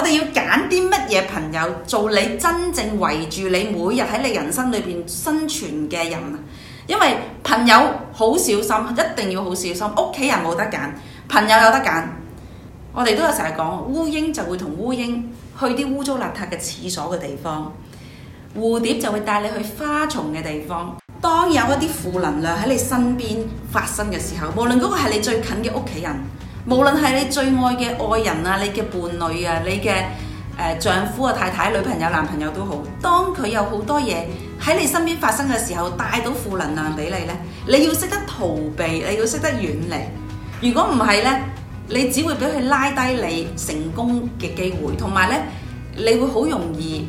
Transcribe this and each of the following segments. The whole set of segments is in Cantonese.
我哋要揀啲乜嘢朋友做你真正圍住你每日喺你人生裏邊生存嘅人，因為朋友好小心，一定要好小心。屋企人冇得揀，朋友有得揀。我哋都有成日講，烏蠅就會同烏蠅去啲污糟邋遢嘅廁所嘅地方，蝴蝶就會帶你去花叢嘅地方。當有一啲負能量喺你身邊發生嘅時候，無論嗰個係你最近嘅屋企人。無論係你最愛嘅愛人啊、你嘅伴侶啊、你嘅誒丈夫啊、太太、女朋友、男朋友都好，當佢有好多嘢喺你身邊發生嘅時候，帶到負能量俾你呢，你要識得逃避，你要識得遠離。如果唔係呢，你只會俾佢拉低你成功嘅機會，同埋呢，你會好容易。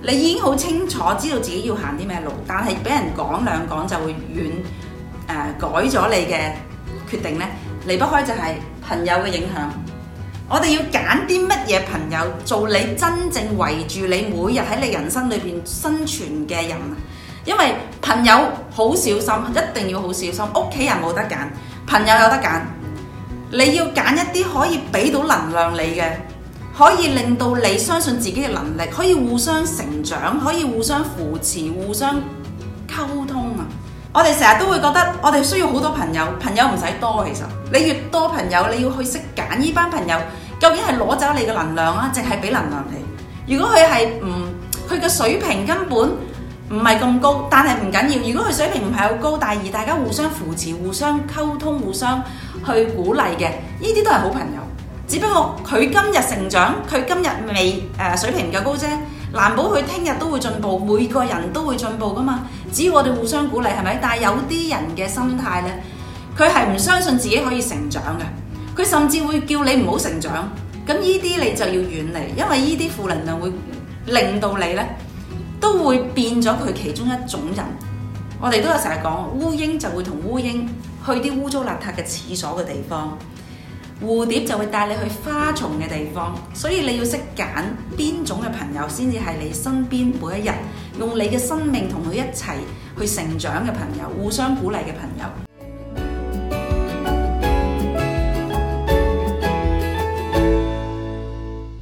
你已經好清楚知道自己要行啲咩路，但係俾人講兩講就會遠誒、呃、改咗你嘅決定呢，離不開就係朋友嘅影響。我哋要揀啲乜嘢朋友做你真正圍住你，每日喺你人生裏邊生存嘅人。因為朋友好小心，一定要好小心。屋企人冇得揀，朋友有得揀。你要揀一啲可以俾到能量你嘅。可以令到你相信自己嘅能力，可以互相成長，可以互相扶持、互相溝通啊！我哋成日都會覺得，我哋需要好多朋友，朋友唔使多，其實你越多朋友，你要去識揀呢班朋友，究竟係攞走你嘅能量啊，定係俾能量你？如果佢係唔，佢嘅水平根本唔係咁高，但係唔緊要。如果佢水平唔係好高，但係大家互相扶持、互相溝通、互相去鼓勵嘅，呢啲都係好朋友。只不過佢今日成長，佢今日未誒、呃、水平夠高啫，難保佢聽日都會進步，每個人都會進步噶嘛。只要我哋互相鼓勵，係咪？但係有啲人嘅心態咧，佢係唔相信自己可以成長嘅，佢甚至會叫你唔好成長。咁呢啲你就要遠離，因為呢啲負能量會令到你咧都會變咗佢其中一種人。我哋都有成日講烏蠅就會同烏蠅去啲污糟邋遢嘅廁所嘅地方。蝴蝶就會帶你去花叢嘅地方，所以你要識揀邊種嘅朋友先至係你身邊每一日，用你嘅生命同佢一齊去成長嘅朋友，互相鼓勵嘅朋友。